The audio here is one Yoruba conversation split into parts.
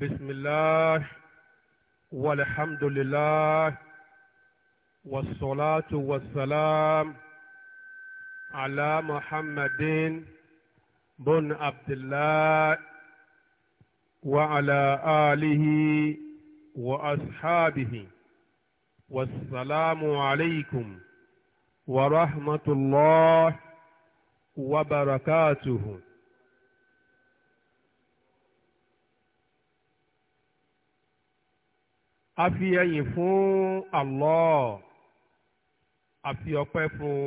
بسم الله والحمد لله والصلاة والسلام على محمد بن عبد الله وعلى آله وأصحابه والسلام عليكم ورحمة الله وبركاته a fi fún Allah a fi ọpẹ́ fún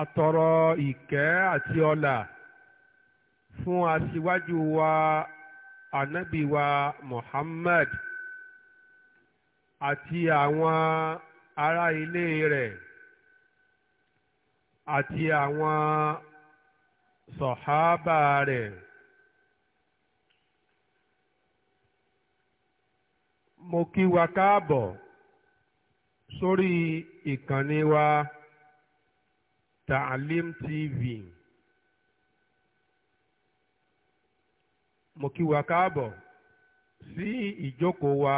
atọrọ ìkẹ́ àti ọlà fún aṣíwájú wa anabi wa Muhammad àti àwọn ará ilé rẹ̀ àti àwọn sọ̀hábà rẹ̀. mo kí wa káàbọ̀ sórí ìkànnì wa Taalim TV mo kí wa káàbọ̀ sí ìjókòó wa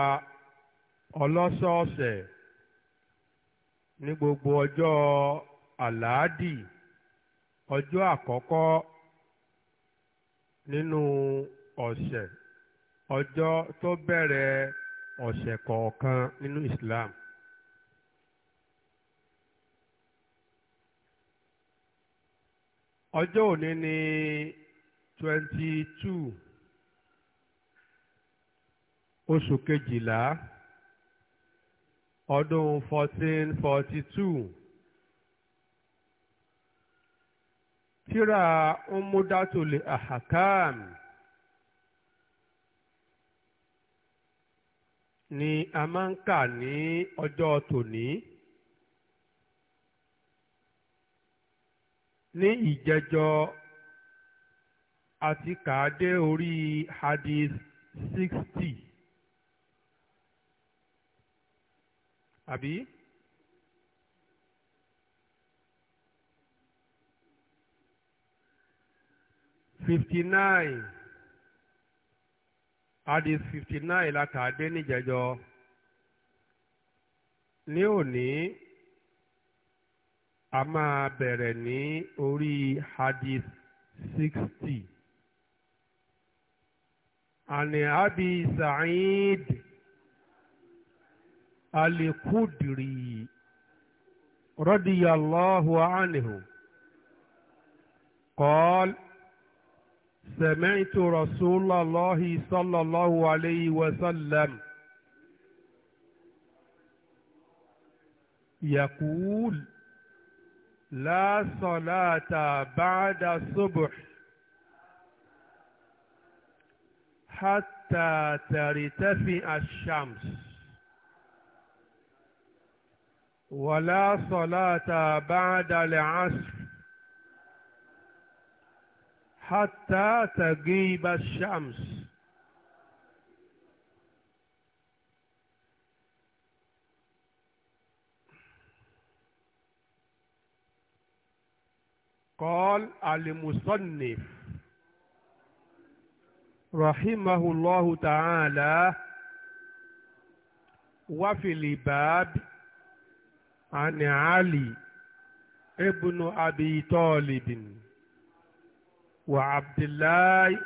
ọlọ́sọ̀ọ̀sẹ̀ ní gbogbo ọjọ́ àlàádì ọjọ́ àkọ́kọ́ nínú ọ̀sẹ̀ ọjọ́ tó bẹ̀rẹ̀ ọ̀sẹ̀ kọ̀ọ̀kan nínú Islam ọjọ́ òní ni twenty two oṣù kejìlá ọdún fourteen forty two tíra umudatule ahakam. ni a máa ń kà ní ọjọ́ tòní ní ìjẹjọ àti kàádé orí hadith sixty àbí. fifty nine hadith fifty nine la kà dé níjẹjọ ní òní a máa bẹ̀rẹ̀ ní orí hadith sixty. عن أبي سعيد الخدري رضي الله عنه قال سمعت رسول الله صلى الله عليه وسلم يقول لا صلاة بعد الصبح حتى ترتفع الشمس ولا صلاة بعد العصر حتى تغيب الشمس قال المصنف رحمه الله تعالى وفي الباب عن علي ابن أبي طالب وعبد الله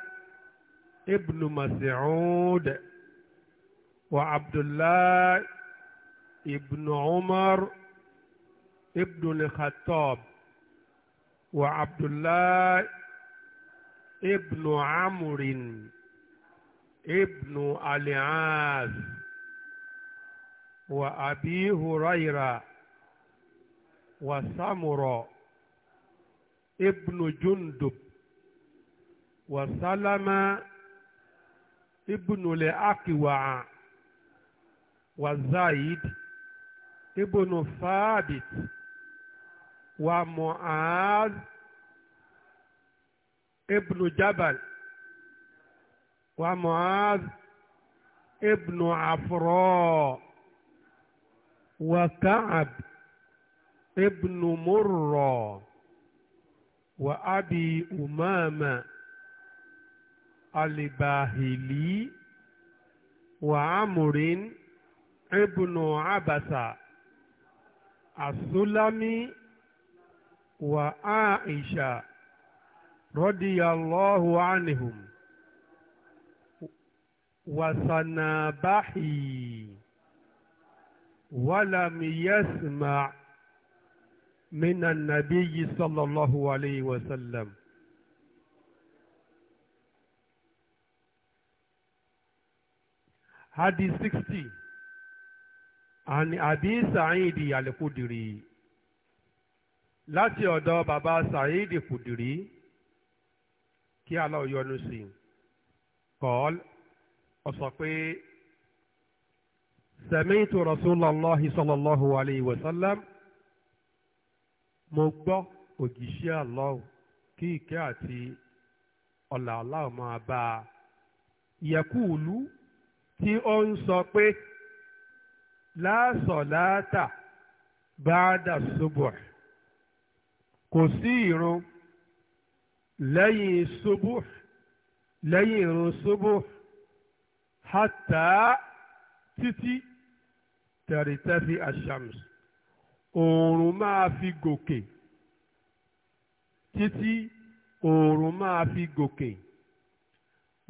ابن مسعود وعبد الله ابن عمر ابن الخطاب وعبد الله ابن عمرو ابن العاص وأبي هريرة وسمره ابن جندب وسلم ابن الأكوع وزيد ابن ثابت ومعاذ ابن جبل ومعاذ ابن عفراء وكعب ابن مرة وأبي أمامة alibahili وعمر ابن عبسة السلمي وعائشة رضي الله عنهم وسنابحي ولم يسمع من النبي صلى الله عليه وسلم hadith sixty àni àbí sàáyìdì àlẹ́kùdìrì láti ọ̀dọ̀ baba sàáyìdì kùdìrì kí Allah yọ́nú sí i kọ́ọ́l ọ sọ pé sami'tu rasulallahi sallallahu alayhi wa sallam mo gbọ́ òjíṣẹ́ Allah kí ìkẹ́ àti ọ̀là Allah máa bá a yẹkùlù. tí ó ń sọ pé láàsọ̀ láàtà bá dà ṣubú ẹ̀ kò sí ìrun lẹ́yìn ṣubú lẹ́yìn ìrun ṣubú hátà títí tẹ̀rìtẹ́fì àṣàmùs oòrùn máa fi gòkè títí oòrùn máa fi gòkè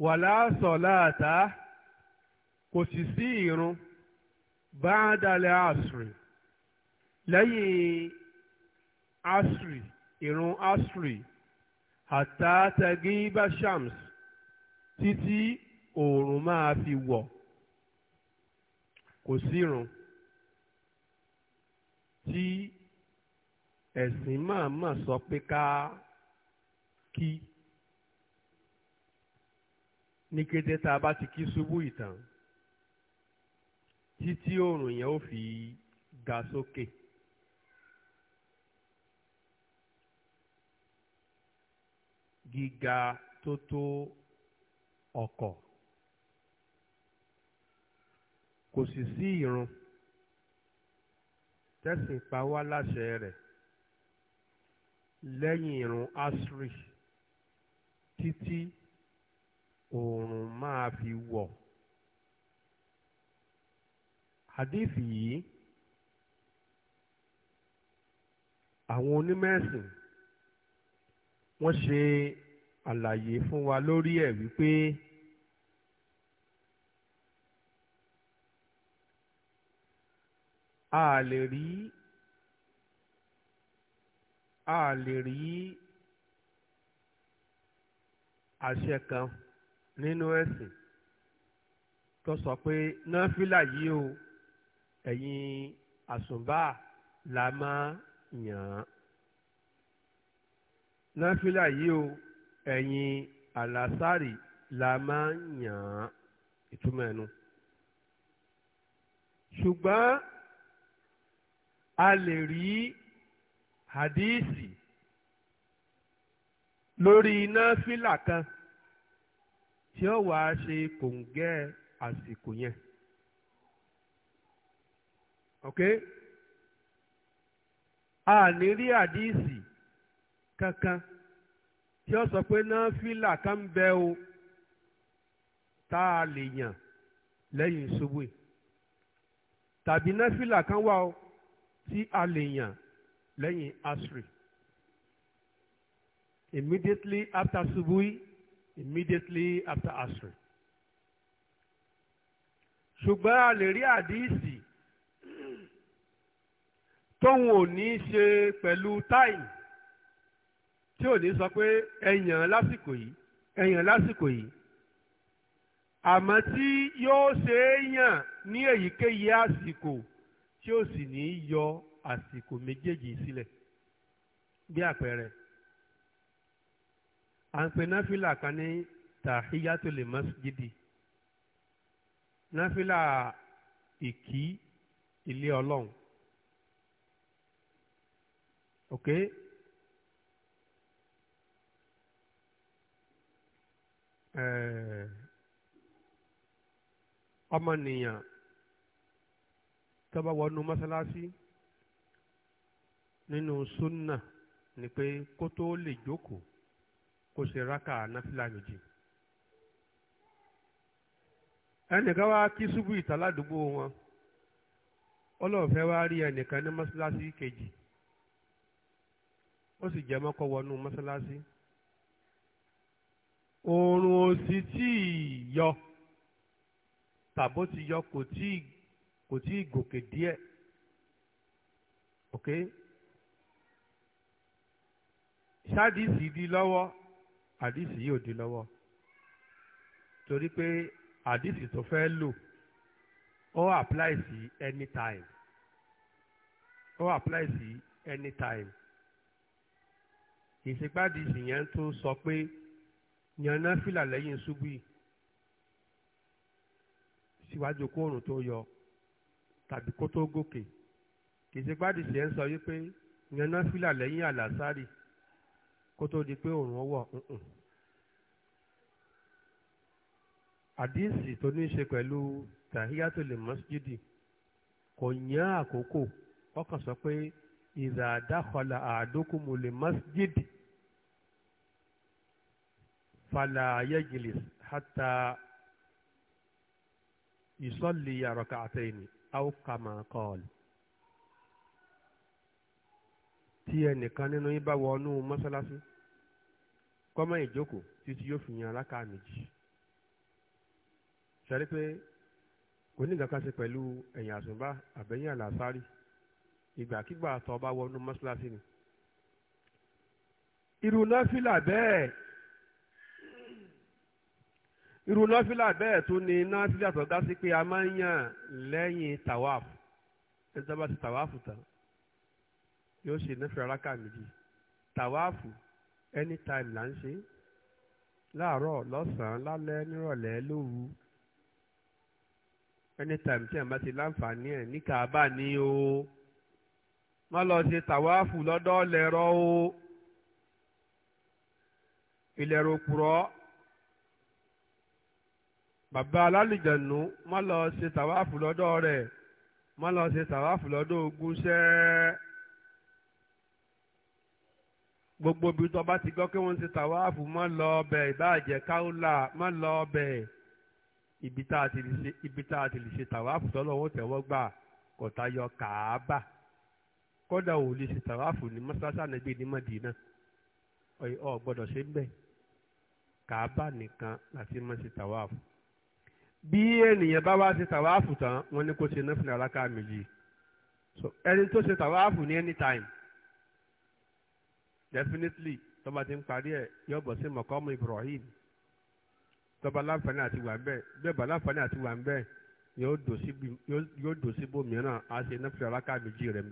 wàlá sọ̀ láàtà kò sì sí ìrun báńdàlẹ̀ asri lẹ́yìn asri ìrun asri àtàtàgé bá shams títí oòrùn máa fi wọ̀ kò sírun tí ẹ̀sìn máa mà sọ pé ká kí ní kété tá a bá ti kí ṣubú ìtàn títí oòrùn yẹn ó fi ga sókè. gíga tó tó ọkọ̀ kò sì sí ìrun tẹ̀sìn pa wá láṣẹ rẹ̀ lẹ́yìn ìrun asri títí oòrùn máa fi wọ̀. Hadithi, yìí àwọn onímẹ̀sìn wọ́n ṣe àlàyé fún wa lórí ẹ̀ wípé a lè rí a lè rí àṣẹ kan nínú ẹ̀sìn tó sọ pé náfìlà yìí o ẹ̀yin àsùnbà la máa yàn án náfìlà yìí o ẹ̀yin àlàsárì la máa yàn án ìtumọ̀ ẹnu ṣùgbọ́n a lè rí hadíìsì lórí náfìlà kan tí ó wàá ṣe kòǹgẹ́ àsìkò yẹn ok a ní rí àdíìsì kankan tí ó sọ pé náfìlà kan bẹ o tá a lè yàn lẹ́yìn ṣubú yìí tàbí náfìlà kan wà o tí a lè yàn lẹ́yìn asri immediately after ṣubú yìí immediately after asri ṣùgbọ́n a lè rí àdíìsì tóun ò ní í ṣe pẹ̀lú táìmù tí ò ní sọ pé ẹ̀yàn lásìkò yìí ẹ̀yàn lásìkò yìí àmọ́ tí yóò ṣe é yàn ní èyíkéyìí àsìkò tí ó sì ní yọ àsìkò méjèèjì sílẹ̀ bí àpẹẹrẹ à ń pe náfìlà kan ní tahiyatul masjidi náfìlà ìkí ilé ọlọ́run Ok? Eh, ọmọnìyàn tó bá wọnú mọ́sálásí nínú súnnà ni pé kó tó lè jókòó kó ṣe rákà náfìlà méjì ẹnìkan wá kí ṣubú ìta wọn ọlọ́ọ̀fẹ́ wá rí ẹnìkan ní mọ́sálásí kejì. ó sì jẹ́ mọ́kọ́ wọnú mọ́sálásí oòrùn ò sì tí ì yọ tàbó ti yọ kò tí ì kò tí ì gòkè díẹ̀ ok ṣáàdìsì di lọ́wọ́ àdìsì yóò di lọ́wọ́ torí pé àdìsì tó fẹ́ lò ó apply sí anytime ó apply sí anytime ìsìnpádìsì yẹn tó sọ pé yànnà fìlà lẹ́yìn ṣubú yìí síwájú kóòrùn tó yọ tàbí kó tó gòkè ìsìnpádìsì yẹn sọ wípé yànnà fìlà lẹ́yìn àlàsárì kó tó di pé òòrùn ọwọ́ àdìsì tó ní í ṣe pẹ̀lú tahiyatul masjidi kò yàn àkókò ọkàn sọ pé. إذا دخل أحدكم masjid فلا يجلس حتى ìsọ̀lì yàrọ̀kà àtẹ̀yìnì àwòkàmà kọ́ọ̀lù. tí ẹnìkan nínú yín bá wọnú mọ́sálásí kọ́mọ ìjókòó títí yóò fi yan aláka méjì sẹ́rí pé kò ní nǹkan kan ṣe ìgbàkígbà tó bá wọnú mọ́ṣáláṣí ni. irú náfìlà bẹ́ẹ̀ irú náfìlà bẹ́ẹ̀ tún ni náfìlà tó dá sí pé a máa ń yàn lẹ́yìn tàwáàfù ẹni tó bá ti Tawaf. tán yóò ṣe náfìlà rákà méjì tàwáàfù anytime là ń ṣe láàárọ̀ lọ́sàn-án lálẹ́ nírọ̀lẹ́ lóru anytime tí a bá ti láǹfààní ẹ̀ ní kàábà ní o má lọ ṣe tàwáàfù lọ́dọ̀ lẹ́rọ o ìlẹ̀rọ kùrọ́ bàbá alálìjẹ̀nù má lọ ṣe tàwáàfù lọ́dọ̀ rẹ̀ má lọ ṣe tàwáàfù lọ́dọ̀ ogúnṣẹ́ gbogbo ibi tó bá ti gbọ́ pé wọ́n ń ṣe tàwáàfù má lọ ọbẹ̀ ìbáàjẹ́ káúlà má lọ ọbẹ̀ ibi tá a ti lè ṣe tàwáàfù tọ́lọ́wọ́ tẹ̀wọ́ gbà kọ̀tayọ kàábà kódà ò lè ṣe tàwáàfù ní mọ́ṣáláṣí ànábì ní Mádínà ọ gbọ́dọ̀ ṣe ń bẹ̀ kàábà nìkan láti máa ṣe tàwáàfù. bí ènìyàn bá wá ṣe tàwáàfù tán wọ́n ní kó ṣe náà fúnra alákà méjì ẹni tó ṣe tàwáàfù ní anytime definitely tó bá ti ń parí ẹ̀ yóò bọ̀ sí mọ̀kọ́mù Ibrahim tó bá láǹfààní àti wà ń bẹ̀ bẹ́ẹ̀ bá láǹfààní àti wà ń bẹ̀ yóò dò sí bòmíràn àṣẹ náà fúnra alákà méjì rẹ̀ ń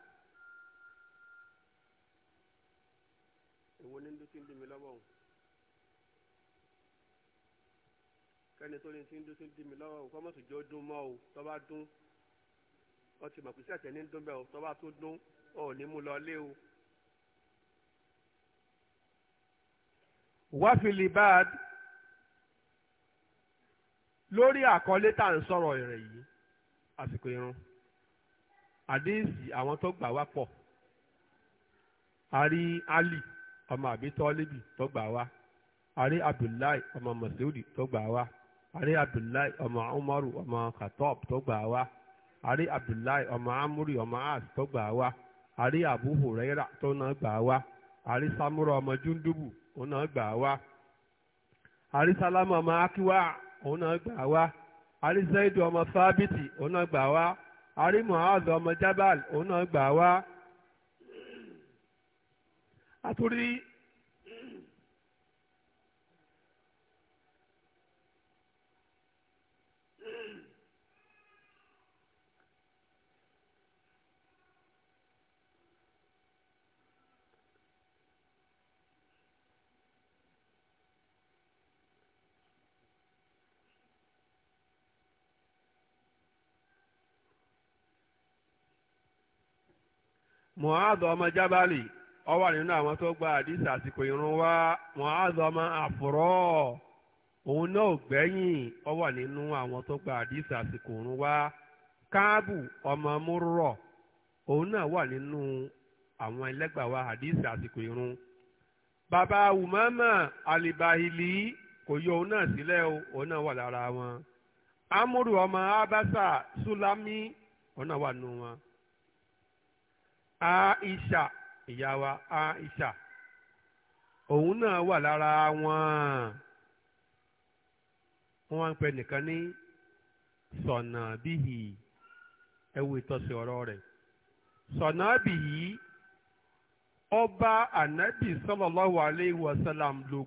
èwo ní dún tí ń dún mi lọ́wọ́ òun kẹ́ni tó ní tí ń dún tí ń dún mi lọ́wọ́ òun kọ́mọ̀tò jọ dún mọ́ o tó bá dún ọ ti mọ̀ pé sí àtẹ̀ní ń dún bẹ́ẹ̀ o tó bá tó dún ọ ní mú lọ lé o. wáfìlì bad lórí àkọlé tá à ń sọ̀rọ̀ rẹ̀ yìí àsìkò irun àdéhìsì àwọn tó gbà wá pọ̀ a Ali ọmọ àbí tọ́lẹ́bì tó gbà wá àrí abdullahi ọmọ masoudi tó gbà wá àrí abdullahi ọmọ umaru ọmọ khatob tó gbà wá àrí abdullahi ọmọ amuri ọmọ as tó gbà wá àrí abu huraira tó náà gbà wá àrí samura ọmọ jundubu òun náà gbà wá àrí salama ọmọ akiwa òun náà gbà wá àrí zaidu ọmọ fábítì òun náà gbà wá àrí muhazu ọmọ jabal òun náà gbà wá àtòrí mu'adh ọmọ jábálì. Ọ wà nínú àwọn tó gba àdìsí àsìkò irun wá wọn á zọ ọmọ àfúrọ́ òun náà ò gbẹ́yìn Ọ wà nínú àwọn tó gba àdìsí àsìkò irun wá káàbù ọmọ múrọ̀ òun náà wà nínú àwọn ẹlẹ́gbàá wa àdìsí àsìkò irun. bàbá umama alibahili kò yọ òun náà sílẹ̀ o òun náà wà lára wọn amúrù ọmọ abasa sulami òun náà wà nínú wọn aisha ìyá wa Aisha òun náà wà lára wọn wọ́n wá ń nìkan ní sọ̀nà bíhì ẹwù ìtọ́sí ọ̀rọ̀ rẹ̀ ọba ànábì sallallahu alayhi wa sallam ló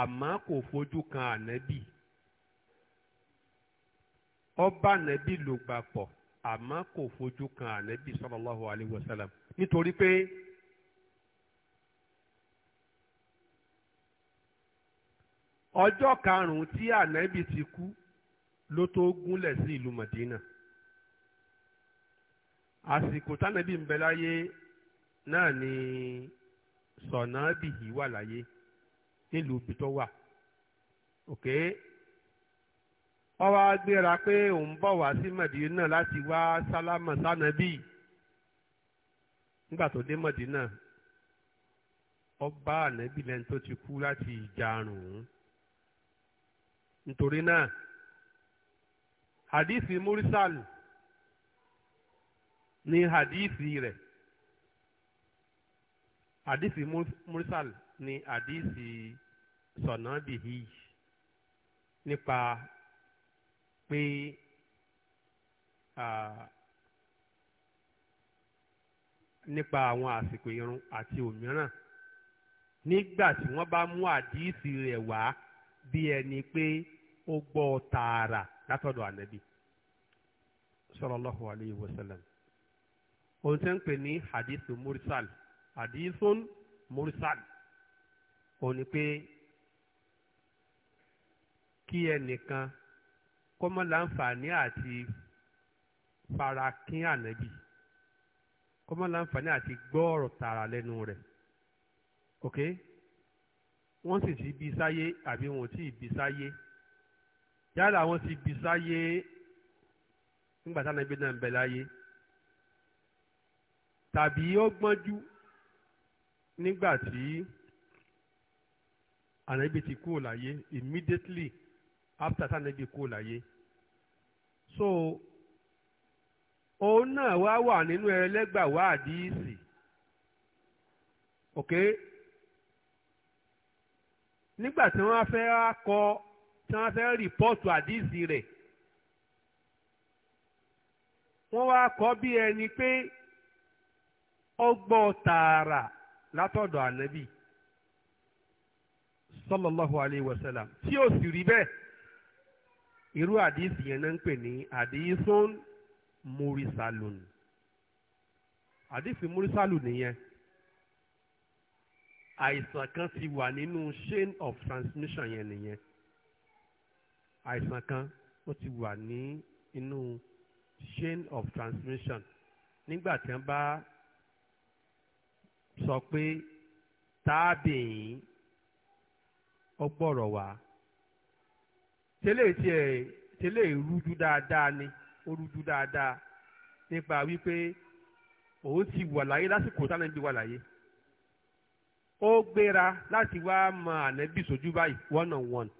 àmọ́ kò fojú ọba ànábì ló àmọ́ nítorí pé ọjọ́ karùn-ún tí ànábì ti kú ló tó gúnlẹ̀ sí ìlú Madina àsìkò tánàbì ń bẹ láyé náà ni sọ̀nàbì yìí wà láyé nílùú ibi tó wà ok ó wá gbéra pé òun bọ̀ wá sí Madina láti wá sálámà sánàbì. Si nígbà tó dé mọ̀dínà ọba ànábì lẹ́ni tó ti kú láti ìjarùn-ún nítorí náà hadithi murisal ni hadithi rẹ̀ hadithi murisal ni hadithi sọ̀nàbìhì nípa pé. Uh, nípa àwọn àsìkò irun àti òmíràn nígbà tí wọ́n bá mú àdíìsì rẹ̀ wá bí ẹni pé ó gbọ́ tààrà látọ̀dọ̀ ànábì sallallahu alayhi wa sallam ohun tí ń pè ní hadithu mursal hadithun mursal ó ní pé kí ẹnìkan kó má láǹfààní àti farakín ànábì kọ́mọ́ láǹfààní àti gbọ́ ọ̀rọ̀ tààrà lẹ́nu rẹ̀ ok wọ́n sì ti bí sáyé àbí wọn ò tí ì bí sáyé yálà wọ́n ti bí sáyé nígbà táwọn ẹbí náà ń bẹ láyé tàbí ó gbọ́njú nígbà tí ànábì ti kúrò láyé immediately after táwọn ẹbí kúrò láyé so. òun náà wá wà nínú ẹlẹ́gbàwá àdíìsì ok nígbà tí wọ́n fẹ́ kọ tí wọ́n fẹ́ rìpọ́ọ̀tù àdíìsì rẹ̀ wọ́n wá kọ bí ẹni pé ọgbọ́ tààrà látọ̀dọ̀ ànábì sallallahu alayhi wa sallam tí ó sì rí bẹ́ẹ̀ irú àdíìsì yẹn náà ń pè ní àdíìsùn. murisalun àdìsí murisalun nìyẹn àìsàn kan ti wà nínú chain of transmission yẹn nìyẹn àìsàn kan ó ti wà ní inú chain of transmission nígbà tí wọ́n bá sọ pé tábìyìn ó gbọ́rọ̀ wá tẹ́lẹ̀ tiẹ̀ tẹ́lẹ̀ rújú dáadáa ni ó rújú dáadáa nípa wípé òun ti wà láyé lásìkò táwọn ẹbí wà láyé ó gbéra láti wá mọ ànábì sójú báyìí one on one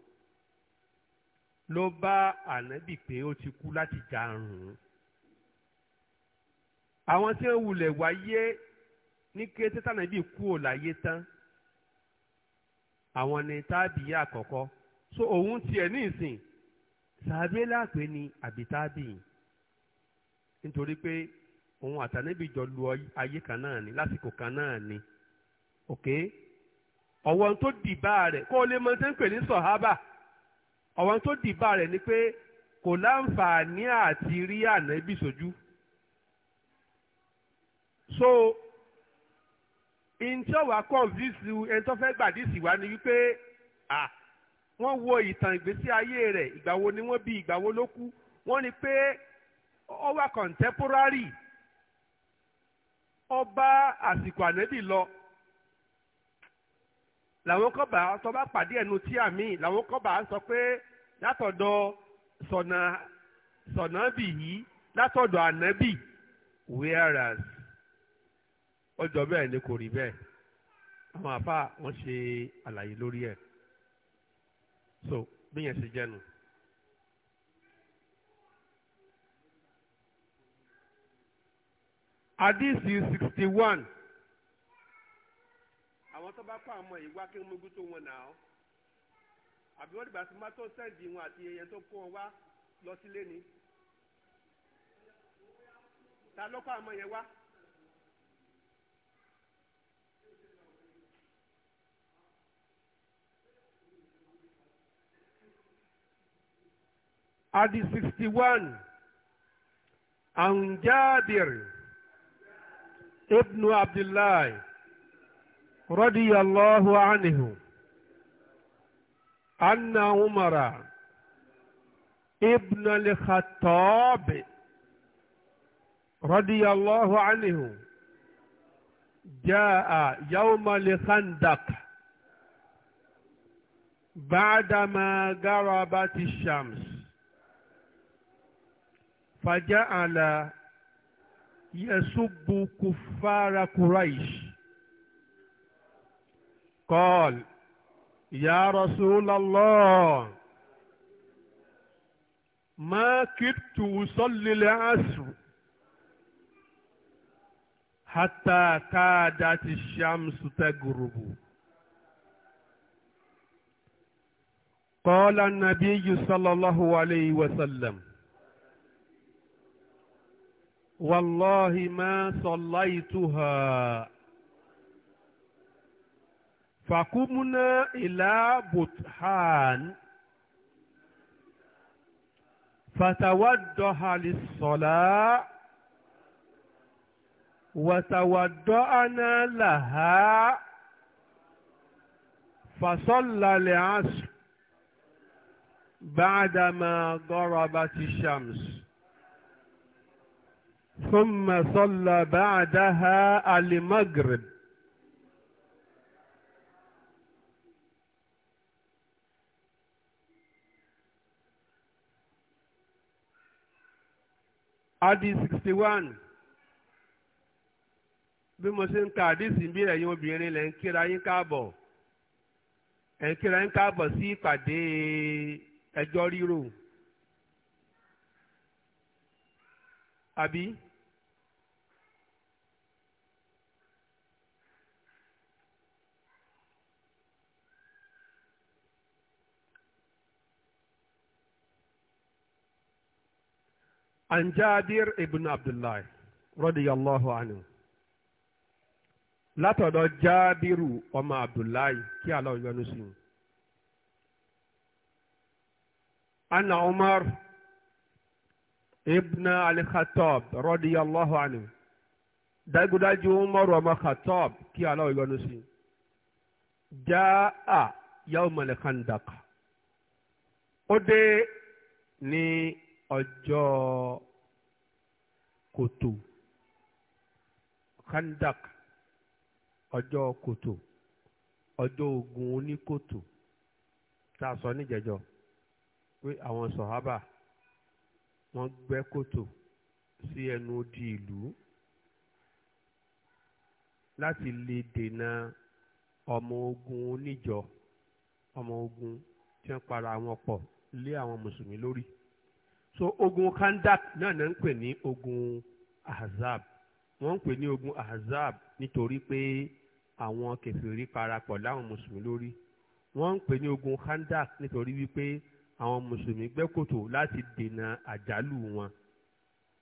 ló bá ànábì pé ó ti kú láti jarun àwọn tí ó wulẹ̀ wáyé ní kété tànàbí kú ò láyé tán àwọn ni tábìyà àkọ́kọ́ so òun tiẹ̀ ní ìsìn sàbẹ́lá pé ni àbí tábìyìn nítorí pé òun àtànẹ́bì jọ lu ayé kan náà ni lásìkò kan náà ni ok ọ̀wọ́n tó dìbà rẹ̀ kó o lè mọ ṣe ń pè ní sọ̀hábà ọ̀wọ́n tó dìbà rẹ̀ ni pé kò láǹfààní àti rí ànábì sójú so ìǹtí wa convince ẹni tó fẹ́ gbàdísì wa ni wípé ah wọ́n wo ìtàn ìgbésí ayé rẹ̀ ìgbà wo ni wọ́n bí ìgbà ló kú wọ́n ní pé ó wà contemporary ó bá àsìkò ànẹ́bì lọ làwọn kọ́ba tó bá pàdé ẹnu tí àmì làwọn kọ́ba sọ pé látọ̀dọ̀ sọ̀nà sọ̀nàbì yìí látọ̀dọ̀ ànẹ́bì whereas ọjọ́ bẹ́ẹ̀ ni kò rí bẹ́ẹ̀ àwọn àfa wọn ṣe àlàyé lórí ẹ̀ so bí yẹn ṣe jẹ́nu. hadisi sixty one àwọn tó bá kọ àwọn ìwà kí wọ́n gbótó wọn nà ọ́ àbí wọ́n dìgbà tí mátó sẹ́ǹdì wọn àti ẹyẹ tó kó wá lọ sílé ni ta ló kọ àwọn yẹn wá. Adi sixty one, Anjabir ibnu abdullahi radiyallahu anhu anna umara ibn al-khattab radiyallahu anhu جاء يوم الخندق بعدما غربت الشمس فجعل يسب كفار قريش قال يا رسول الله ما كدت أصلي العصر حتى كادت الشمس تغرب قال النبي صلى الله عليه وسلم والله ما صليتها فقمنا إلى بطحان فتوضح للصلاة وتوضأنا لها فصلى العصر بعدما ضربت الشمس ثم صلى بعدها المغرب adi sixty one bí mo ṣe ń ka àdìsí bí ẹ̀yin obìnrin lẹ̀ ń kíra yín káàbọ̀ ẹ̀ ń kíra yín káàbọ̀ sí ìpàdé ẹjọ́ rírò. àbí عن جابر Abdullahi عبد الله رضي الله عنه látọ̀dọ̀ abdullahi kí Allah yọ́nú sí i. anna umar ibn al-khattab radiyallahu anhu dájúdájú umar ọmọ khattab kí Allah yọ́nú sí jaa yawm al-khandaq ó dé ní ọjọ́ kòtò khandak ọjọọ kòtò ọjọọ ogun oníkòtò tá jẹjọ, sọ níjẹjọ pé àwọn sọ̀hábà. So wọ́n gbẹ́ kòtò sí ẹnu odi ìlú láti lè dènà ọmọ ogun oníjọ ọmọ ogun tí wọ́n para wọn pọ̀ lé àwọn mùsùlùmí lórí so ogun kandak náà náà ń pè ní ogun ahzab wọ́n ń pè ní ogun ahzab nítorí pé àwọn kèfèrí parapọ̀ láwọn mùsùlùmí lórí wọ́n ń pè ní ogun kandak nítorí wípé àwọn mùsùlùmí gbẹ́ kòtò láti dènà àjálù wọn.